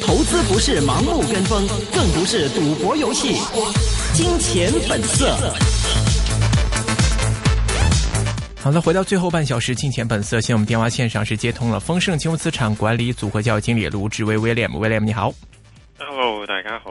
投資不是盲目跟風，更不是賭博遊戲。金錢本色。好的，回到最後半小時，金錢本色。現在我們電話線上是接通了，豐盛金融資產管理組合教育經理盧志威 William，William 你好。Hello，大家好。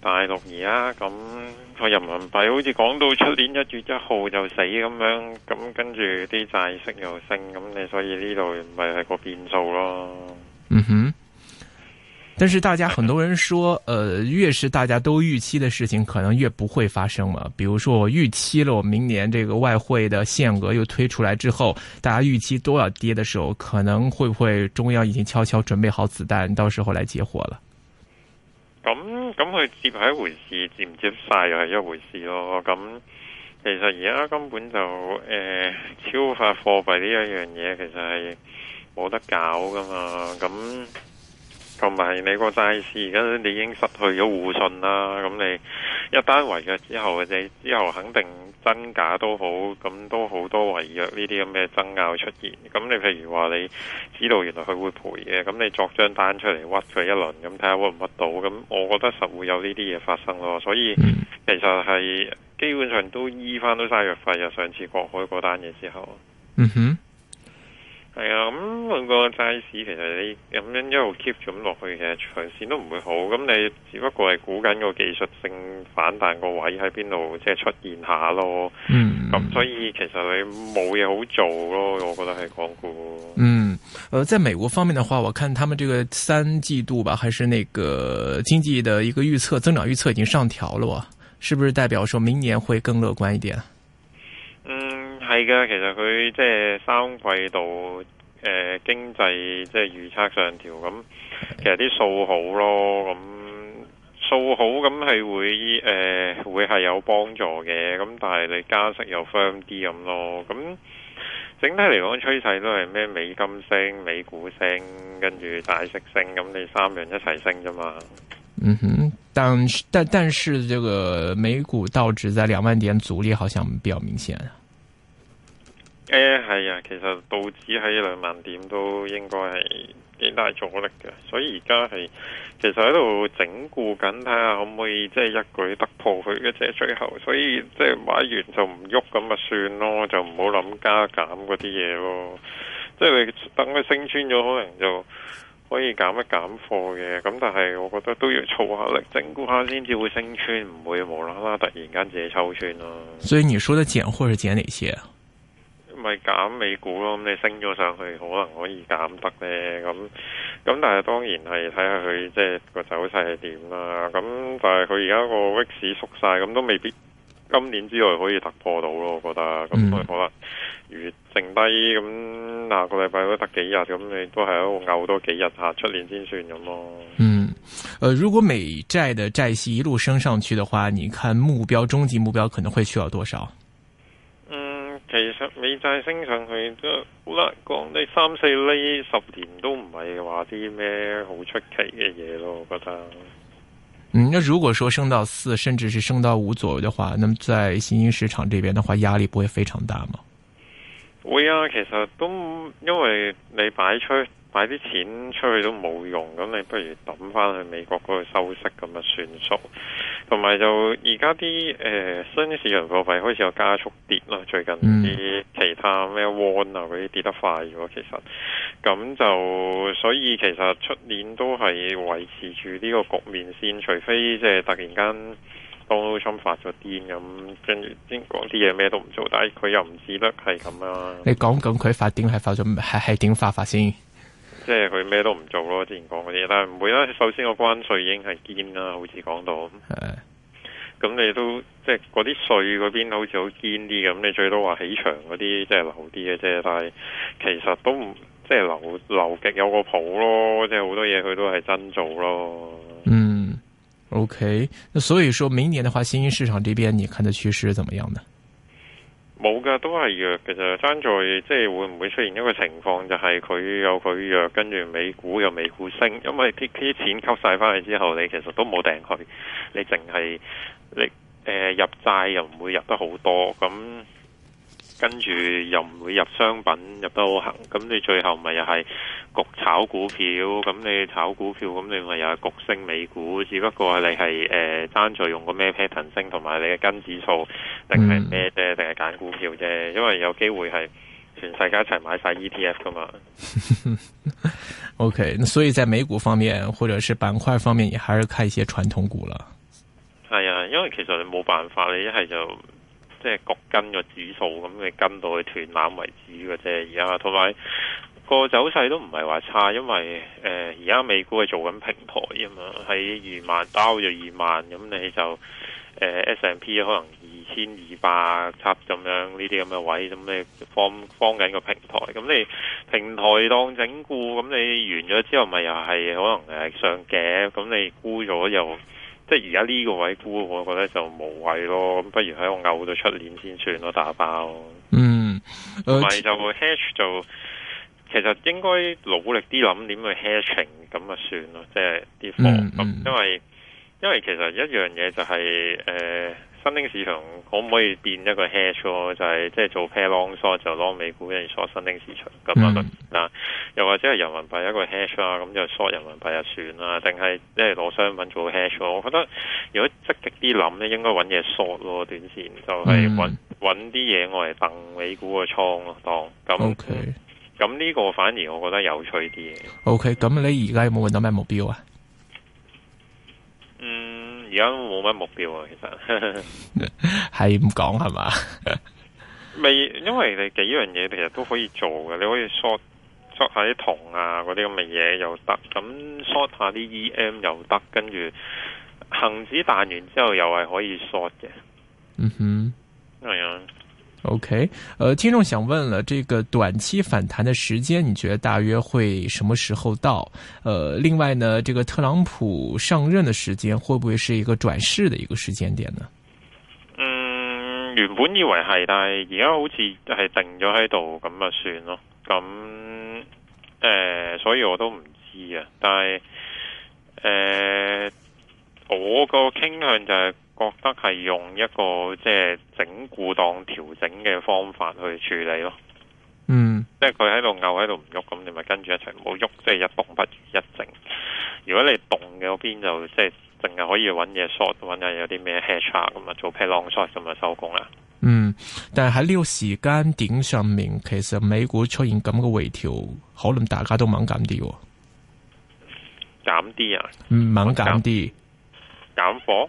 大陸而家咁，個人民幣好似講到出年一月一號就死咁樣，咁跟住啲債息又升，咁你所以呢度咪係個變數咯。嗯哼，但是大家很多人說，呃，越是大家都預期的事情，可能越不會發生嘛。比如說我預期了，我明年這個外匯的限額又推出來之後，大家預期都要跌的時候，可能會不會中央已經悄悄準備好子彈，到時候來接火了？咁咁佢接係一回事，接唔接晒又係一回事咯。咁其實而家根本就誒、呃、超發貨幣呢一樣嘢，其實係冇得搞噶嘛。咁同埋你個債市而家你已經失去咗互信啦，咁你一單違約之後，你之後肯定真假都好，咁都好多違約呢啲咁嘅爭拗出現。咁你譬如話你知道原來佢會賠嘅，咁你作張單出嚟屈佢一輪，咁睇下屈唔屈到？咁我覺得實會有呢啲嘢發生咯。所以其實係基本上都醫翻都晒藥費啊，上次國海嗰單嘢之後。嗯哼、mm。Hmm. 係啊，咁個債市其實你咁樣一路 keep 咁落去，其實長線都唔會好。咁你只不過係估緊個技術性反彈個位喺邊度，即係出現下咯。嗯，咁所以其實你冇嘢好做咯。我覺得係港股。嗯，誒，在美國方面嘅話，我看他們這個三季度吧，還是那個經濟的一個預測，增長預測已經上調了，哇！是不是代表說明年會更樂觀一點？係噶，其實佢即係三季度誒經濟即係、呃呃、預測上調咁、嗯，其實啲數好咯，咁、嗯、數好咁係會誒、呃、會係有幫助嘅，咁、嗯、但係你加息又 firm 啲咁咯，咁、嗯、整體嚟講趨勢都係咩美金升、美股升，跟住大息升，咁、嗯、你三樣一齊升啫嘛。嗯哼，但但但係，這個美股道指在兩萬點阻力好像比較明顯。誒，係、欸、啊，其實道指喺兩萬點都應該係幾大阻力嘅，所以而家係其實喺度整固緊，睇下可唔可以即係一舉突破佢嘅。即係最後，所以即係買完就唔喐咁咪算咯，就唔好諗加減嗰啲嘢咯。即係你等佢升穿咗，可能就可以減一減貨嘅。咁但係我覺得都要做下力整固下先至會升穿，唔會無啦啦突然間自己抽穿咯。所以你說的減貨是減哪些？咪減美股咯，咁你升咗上去，可能可以減得咧。咁咁，但係當然係睇下佢即係個走勢係點啦。咁但係佢而家個市縮晒，咁都未必今年之內可以突破到咯。我覺得咁啊，可能如剩低咁，下個禮拜都得幾日，咁你都係喺度熬多幾日吓，出年先算咁咯。嗯，呃，如果美債嘅債息一路升上去嘅話，你看目標、終極目標可能會需要多少？其實美債升上去都好啦，講你三四厘十年都唔係話啲咩好出奇嘅嘢咯，我覺得。嗯，如果說升到四，甚至是升到五左右的話，那麼在新興市場這邊的話，壓力不會非常大嗎？會啊，其實都因為你擺出擺啲錢出去都冇用，咁你不如抌翻去美國嗰度收息咁啊，算數。同埋就而家啲誒新市場貨幣開始有加速跌啦。最近啲其他咩 won 啊嗰啲跌得快咗，其實咁就所以其實出年都係維持住呢個局面先，除非即係突然間 Donald Trump 發咗癲咁，跟住先講啲嘢，咩都唔做，但係佢又唔至於得係咁啦。你講緊佢發癲係發咗係係點發發先？即係佢咩都唔做咯，之前講嗰啲，但係唔會啦。首先個關稅已經係堅啦，好似講到，咁、哎、你都即係嗰啲稅嗰邊好似好堅啲咁。你最多話起場嗰啲即係留啲嘅啫，但係其實都唔即係留流極有個譜咯，即係好多嘢佢都係真做咯。嗯，OK，所以說明年嘅話，新興市場呢邊，你看的趨勢怎麼樣呢？冇噶，都係弱其實。爭在即係會唔會出現一個情況，就係、是、佢有佢弱，跟住美股又美股升，因為啲啲錢吸晒翻去之後，你其實都冇掟佢，你淨係你誒、呃、入債又唔會入得好多咁。跟住又唔會入商品入得好行，咁你最後咪又係焗炒股票，咁你炒股票咁你咪又係焗升美股，只不過你係誒、呃、單純用個咩 pattern 升，同埋你嘅跟指數定係咩定係揀股票啫，因為有機會係全世界一齊買晒 ETF 㗎嘛。 o、okay, K，所以在美股方面，或者是板塊方面，你還是看一些傳統股啦。係啊、哎，因為其實你冇辦法，你一係就。即係谷跟個指數咁，你、嗯、跟到佢斷纜為止嘅啫。而家同埋個走勢都唔係話差，因為誒而家美股係做緊平台啊嘛，喺二萬兜咗二萬，咁、嗯、你就誒、呃、S&P 可能二千二百插咁樣呢啲咁嘅位，咁、嗯、你放放緊個平台，咁、嗯、你平台當整固，咁、嗯、你完咗之後咪又係可能誒上嘅，咁、嗯、你沽咗又。即係而家呢個位沽，我覺得就無謂咯，咁不如喺我嘔到出年先算咯，打包。嗯，同埋就 hedge 就其實應該努力啲諗點去 hedging 咁啊算咯，即係啲貨。嗯、因為因為其實一樣嘢就係、是、誒。呃新興市場可唔可以變一個 hash 咯、就是？就係即係做 pay long short 就攞美股嚟 short 新興市場咁樣啦。嗯、又或者係人民幣一個 hash 啊，咁就 short 人民幣就算啦。定係即係攞商品做 hash？我覺得如果積極啲諗咧，應該揾嘢 short 咯。短線就係揾揾啲嘢，我嚟掟美股嘅倉咯，當咁。O K. 咁呢個反而我覺得有趣啲嘢。O K. 咁你而家有冇揾到咩目標啊？而家冇乜目標啊，其實係唔講係嘛？未 因為你幾樣嘢其實都可以做嘅。你可以 short short 下啲銅啊，嗰啲咁嘅嘢又得。咁 short 下啲 EM 又得，跟住恒指彈完之後又係可以 short 嘅。嗯哼、mm，係、hmm. 啊。OK，呃，聽眾想問了，這個短期反彈的時間，你覺得大約會什麼時候到？呃，另外呢，這個特朗普上任的時間，會不會是一個轉勢的一個時間點呢？嗯，原本以為係，但係而家好似就係定咗喺度咁啊算咯，咁誒、呃，所以我都唔知啊，但係誒、呃，我個傾向就係、是。覺得係用一個即係整固檔調整嘅方法去處理咯，嗯，即係佢喺度牛喺度唔喐，咁你咪跟住一齊唔好喐，即係一動不如一靜。如果你動嘅嗰邊就即係淨係可以揾嘢 short，揾下有啲咩 hatch 咁啊，做皮浪 short 咁啊收工啦。嗯，但係喺呢個時間點上面，其實美股出現咁嘅回調，可能大家都猛減啲，減啲啊，嗯，猛減啲，減火。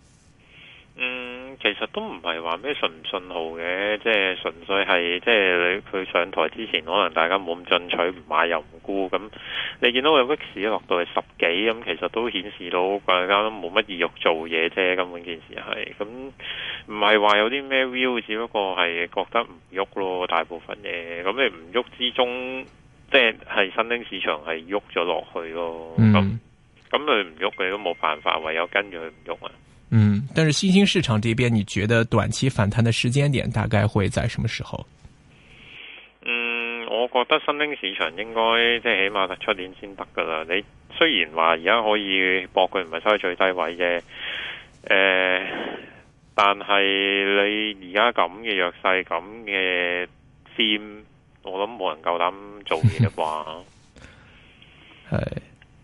其實都唔係話咩信唔信號嘅，即係純粹係即係你佢上台之前，可能大家冇咁進取，唔買又唔沽，咁你見到 VIX 落到係十幾，咁、嗯、其實都顯示到大家都冇乜意欲做嘢啫，根本件事係咁，唔係話有啲咩 view，只不過係覺得唔喐咯，大部分嘢，咁你唔喐之中，即係係新興市場係喐咗落去咯，咁咁佢唔喐，你都冇辦法，唯有跟住佢唔喐啊。嗯，但是新興市場這邊，你覺得短期反彈嘅時間點大概會在什麼時候？嗯，我覺得新興市場應該即係起碼出年先得噶啦。你雖然話而家可以搏佢唔係收喺最低位嘅，誒、呃，但係你而家咁嘅弱勢，咁嘅占，我諗冇人夠膽做嘢啦話係。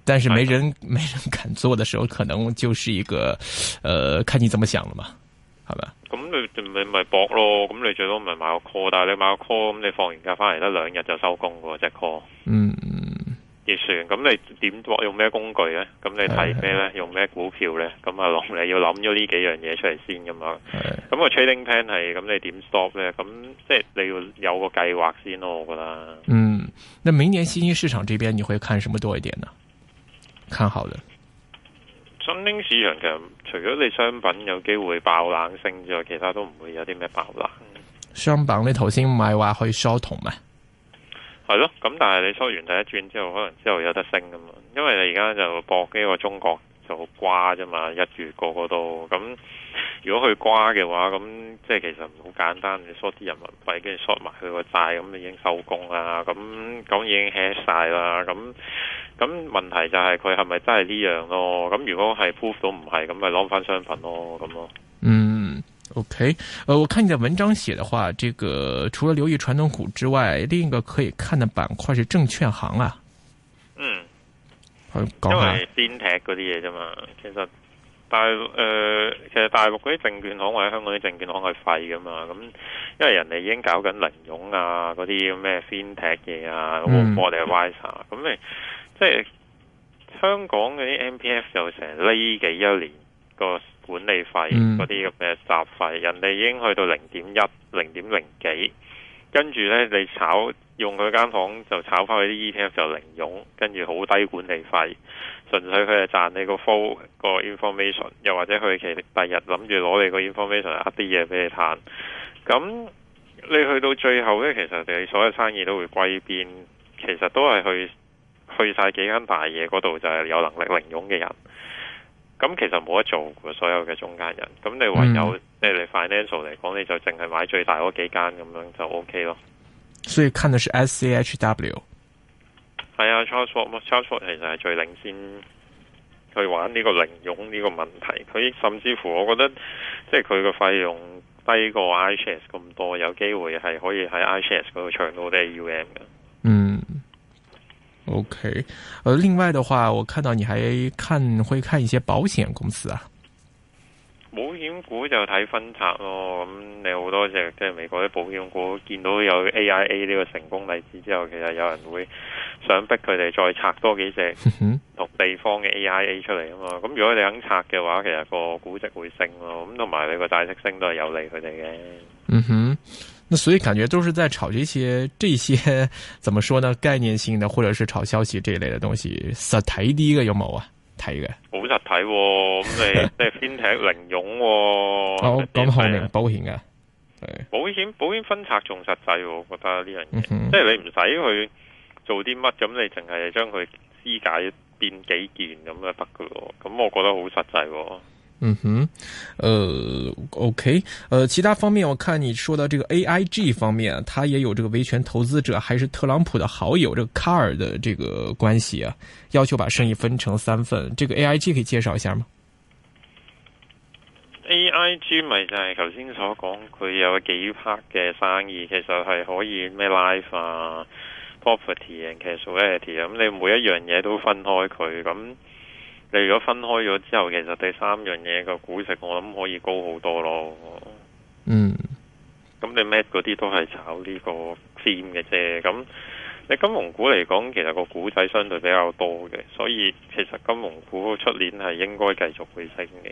但是沒人沒人敢做的時候，可能就是一個，呃，看你怎麼想了嘛？係咪，咁你咪搏咯，咁你最多咪買個 call，但係你買個 call 咁你放完假翻嚟得兩日就收工噶喎，隻 call。嗯嗯，結算咁你點用咩工具咧？咁你睇咩咧？用咩股票咧？咁啊，龍你要諗咗呢幾樣嘢出嚟先噶嘛？咁個 trading plan 係咁，你點 stop 咧？咁即係你要有個計劃先咯我覺得，嗯，那明年新興市場這邊你會看什麼多一點呢？看好的，新興市場其實除咗你商品有機會爆冷升之外，其他都唔會有啲咩爆冷。商品你頭先唔係話可以 short 同咩？係咯，咁但係你 short 完第一轉之後，可能之後有得升㗎嘛？因為你而家就搏緊個中國。就瓜啫嘛，一月個個都咁。如果佢瓜嘅話，咁即係其實好簡單，你縮啲人民幣跟住縮埋佢個債，咁你已經收工啦。咁講已經吃晒啦。咁咁問題就係佢係咪真係呢樣咯？咁如果係 prove 到唔係，咁咪攞翻商品咯。咁咯。嗯，OK、呃。誒，我看你嘅文章寫嘅話，呢、這個除了留意傳統股之外，另一個可以看嘅板塊係證券行啊。因為 FinTech 嗰啲嘢啫嘛，其實大誒、呃、其實大陸嗰啲證券行或者香港啲證券行係廢噶嘛，咁因為人哋已經搞緊零佣啊，嗰啲咩 FinTech 嘢啊，或者 Visa 咁你即係香港嘅啲 MPF 就成呢幾一年個管理費嗰啲咁嘅雜費，人哋已經去到零點一零點零幾，跟住咧你炒用佢間房就炒翻佢啲 ETF 就零佣，跟住好低管理費，純粹佢係賺你個 flow 個 information，又或者佢其第日諗住攞你個 information 壓啲嘢俾你攤。咁你去到最後呢，其實你所有生意都會歸邊，其實都係去去曬幾間大嘢嗰度就係有能力零佣嘅人。咁其實冇得做所有嘅中間人。咁你唯有即係你 financial 嚟講，你就淨係買最大嗰幾間咁樣就 OK 咯。所以看的是 SCHW，係啊，Charles 嘛，Charles 其實係最領先去玩呢個零佣呢個問題，佢甚至乎我覺得即係佢個費用低過 iShares 咁多，有機會係可以喺 iShares 度搶到啲 AUM 嘅。嗯，OK，呃，另外的話，我看到你還看會看一些保險公司啊。保險股就睇分拆咯，咁你好多隻即係美國啲保險股見到有 AIA 呢個成功例子之後，其實有人會想逼佢哋再拆多幾隻唔同地方嘅 AIA 出嚟啊嘛。咁如果你肯拆嘅話，其實個估值會升咯。咁同埋你個大息升都係有利佢哋嘅。嗯哼，所以感覺都是在炒這些、這些，怎麼說呢？概念性的，或者是炒消息這一類的東西，實體啲嘅有冇啊？睇嘅，好實體咁你即係偏睇零用，好咁係咪保險噶？保險保險分拆仲實際，我覺得呢樣嘢，嗯、哼即係你唔使去做啲乜，咁你淨係將佢肢解變幾件咁就得噶咯，咁我覺得好實際。嗯哼，呃，OK，呃，其他方面，我看你說到這個 AIG 方面，他也有這個維權投資者，還是特朗普的好友，這個卡爾的這個關係啊，要求把生意分成三份，這個 AIG 可以介紹一下嗎？AIG 咪就係頭先所講，佢有幾 part 嘅生意，其實係可以咩 life 啊，property and casualty 咁，嗯，你每一樣嘢都分開佢咁。嗯你如果分開咗之後，其實第三樣嘢個估值我諗可以高好多咯。嗯，咁你咩嗰啲都係炒呢個 theme 嘅啫。咁你金融股嚟講，其實個股仔相對比較多嘅，所以其實金融股出年係應該繼續會升嘅。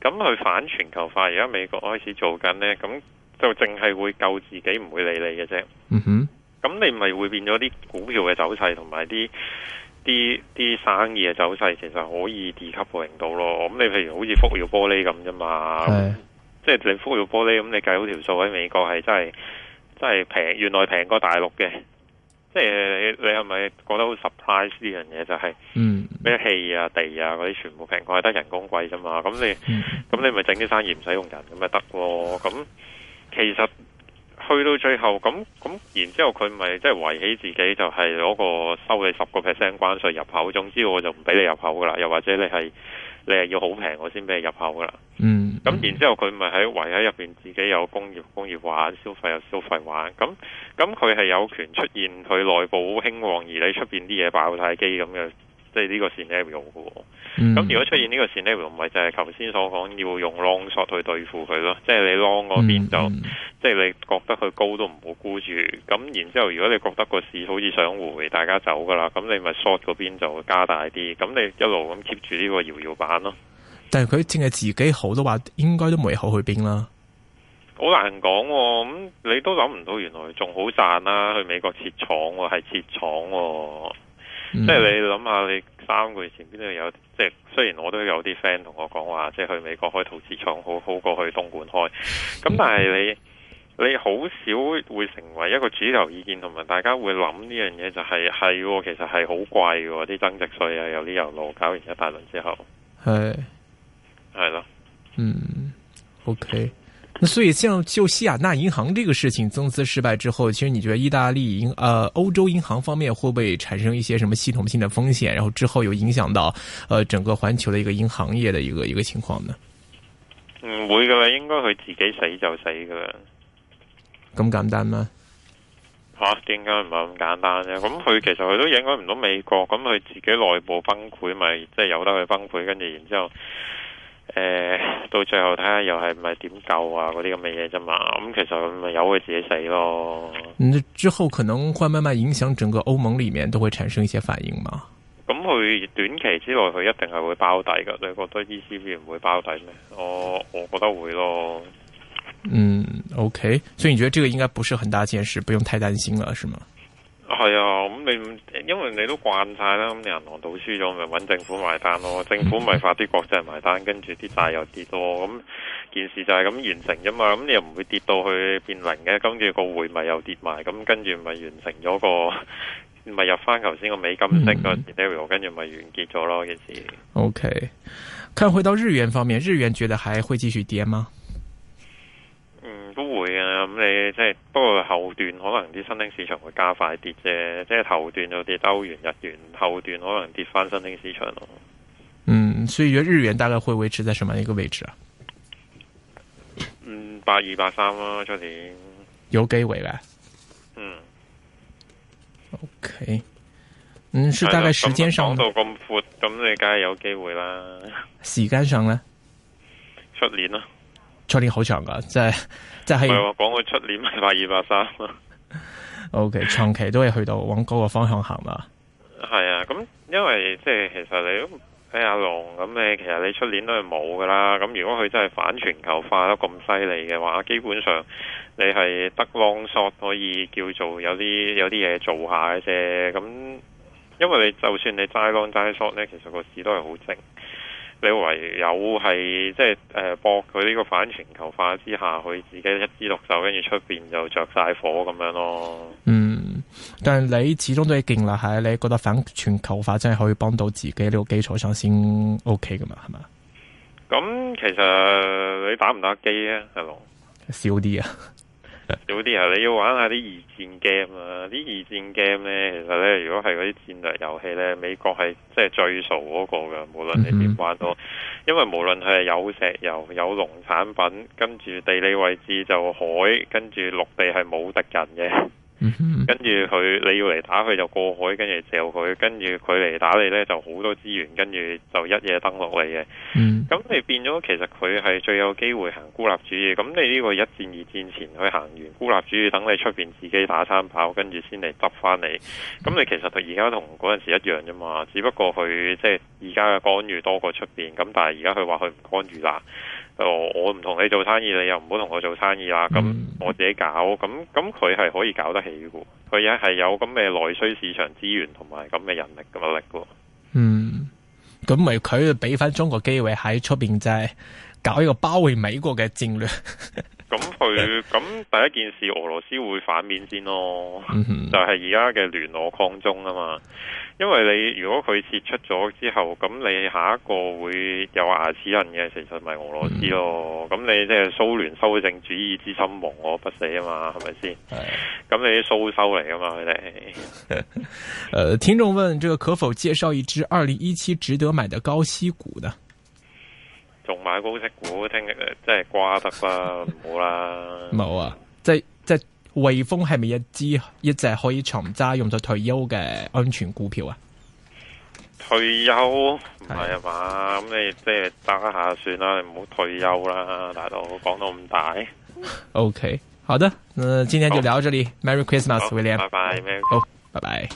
咁佢、嗯、反全球化，而家美國開始做緊呢，咁就淨係會救自己，唔會理你嘅啫。嗯咁，哼你咪會變咗啲股票嘅走勢，同埋啲啲生意嘅走勢，其實可以跌級波動到咯。咁你譬如好似福耀玻璃咁啫嘛，是即係你福耀玻璃咁，你計好條數喺美國係真係真係平，原來平過大陸嘅。即係你，你係咪覺得好 surprise 呢樣嘢就係？嗯，咩氣啊、地啊嗰啲全部平，我係得人工貴啫嘛。咁你，咁、嗯、你咪整啲生意唔使用，用人咁咪得咯。咁其實去到最後，咁咁然之後佢咪即係圍起自己，就係、是、攞個收你十個 percent 關稅入口。總之我就唔俾你入口噶啦。又或者你係你係要好平我先俾你入口噶啦。嗯。咁、嗯、然之後佢咪喺圍喺入邊，自己有工業工業玩，消費又消費玩。咁咁佢係有權出現佢內部興旺，而你出邊啲嘢爆晒機咁嘅，即係呢個線 level。咁、嗯、如果出現呢個線 level，唔咪就係頭先所講要用 long short 去對付佢咯。即係你 long 嗰邊就，嗯嗯、即係你覺得佢高都唔好沽住。咁然之後，如果你覺得個市好似想回，大家走㗎喇，咁你咪 short 嗰邊就加大啲。咁你一路咁 keep 住呢個搖搖板咯。但係佢淨係自己好，都話應該都未好去邊啦。好難講、哦，咁你都諗唔到，原來仲好賺啦、啊。去美國設廠、哦，喎係設廠，嗯、即係你諗下，你三個月前邊度有？即係雖然我都有啲 friend 同我講話，即係去美國開陶瓷廠，好好過去東莞開。咁但係你、嗯、你好少會成為一個主流意見，同埋大家會諗呢樣嘢就係、是、係，其實係好貴嘅啲增值稅啊，有啲油路搞完一大輪之後係。係咯，嗯，OK，所以，像就西雅納銀行這個事情增資失敗之後，其實你覺得意大利銀，呃，歐洲銀行方面會不會產生一些什麼系統性的風險？然後之後又影響到，呃，整個環球的一個銀行業的一個一個情況呢？唔會噶啦，應該佢自己死就死噶啦，咁簡單嗎？吓、啊，點解唔係咁簡單啫？咁佢其實佢都影響唔到美國，咁佢自己內部崩潰咪即係由得佢崩潰，跟住然之後，後。誒、呃，到最後睇下又係唔係點救啊？嗰啲咁嘅嘢啫嘛，咁、嗯、其實咪由佢自己死咯。嗯、之後可能會慢慢影響整個歐盟裏面，都會產生一些反應嘛。咁佢、嗯、短期之內佢一定係會包底噶，你覺得 E C B 唔會包底咩？哦，我覺得會咯。嗯，OK，所以你覺得這個應該不是很大件事，不用太擔心啦，是嗎？係啊，咁你、嗯嗯、因為你都慣晒啦，咁、嗯、你銀行賭輸咗咪揾政府埋單咯，嗯、政府咪發啲國債埋單，跟住啲債又跌多，咁件事就係咁完成啫嘛，咁你又唔會跌到去變零嘅，跟住個匯咪又，又跌埋，咁跟住咪完成咗個咪、嗯、入翻頭先個美金升個 level 跟住咪完結咗咯件事。OK，嗯、看回到日元方面，日元覺得還會繼續跌嗎？嗯，不會啊，咁、嗯、你即係。不過後段可能啲新興市場會加快跌啫，即係後段有跌歐元、日元，後段可能跌翻新興市場咯。嗯，所以而日元大概會維持在什麼一個位置啊？嗯，八二八三啦，啊，出年有機會咧。嗯。OK。嗯，是大概時間上，嗯。到咁闊，咁你梗係有機會啦。時間上咧，出年啦。出年好長噶，即係即係。唔係話講佢出年八二八三啊。 o、okay, K，長期都係去到往高個方向行啦。係 啊，咁因為即係其實你，誒阿龍咁你，其實你出年都係冇噶啦。咁如果佢真係反全球化得咁犀利嘅話，基本上你係得 long short 可以叫做有啲有啲嘢做下嘅啫。咁因為你就算你齋 long 齋 short 咧，其實個市都係好靜。你唯有係即係誒，博佢呢個反全球化之下，佢自己一枝獨秀，跟住出邊就着晒火咁樣咯。嗯，但係你始終都要建立喺你覺得反全球化真係可以幫到自己呢個基礎上先 OK 噶嘛？係嘛？咁、嗯嗯、其實你打唔打機啊？係咯，少啲啊。有啲人你要玩下啲二戰 game 啊！啲二戰 game 呢，其實呢，如果係嗰啲戰略遊戲呢，美國係即係最傻嗰個噶，無論你點玩都，因為無論係有石油、有農產品，跟住地理位置就海，跟住陸地係冇敵人嘅。 跟住佢你要嚟打佢就過海，跟住召佢，跟住佢嚟打你呢就好多資源，跟住就一夜登陸嚟嘅。嗯，咁 你變咗其實佢係最有機會行孤立主義。咁你呢個一戰二戰前去行完孤立主義，等你出邊自己打餐跑，跟住先嚟執翻你。咁你其實同而家同嗰陣時一樣啫嘛，只不過佢即係而家嘅干預多過出邊，咁但係而家佢話佢唔干預啦。我我唔同你做生意，你又唔好同我做生意啦。咁、嗯、我自己搞，咁咁佢係可以搞得起嘅。佢而家係有咁嘅內需市場資源同埋咁嘅人力嘅力嘅。嗯，咁咪佢俾翻中國機會喺出邊就係搞一個包圍美國嘅戰略。 咁佢咁第一件事，俄羅斯會反面先咯，嗯、哼就係而家嘅聯俄抗中啊嘛。因為你如果佢撤出咗之後，咁你下一個會有牙齒印嘅，其實咪俄羅斯咯。咁、嗯、你即係蘇聯修正主義之心亡我不死啊嘛，係咪先？咁、嗯、你蘇修嚟噶嘛，佢哋。誒 呃，聽眾問，這個可否介紹一支二零一七值得買的高息股呢？仲買高息股聽日真係瓜得 啦，唔好啦。冇啊，即係即係，匯豐係咪一支一隻可以長揸用作退休嘅安全股票啊？退休唔係啊嘛，咁 你即係揸下算啦，你唔好退休啦，大佬講到咁大。 OK，好的，呃，今天就聊到這裏。Merry Christmas，William。拜拜，咩？好，拜拜。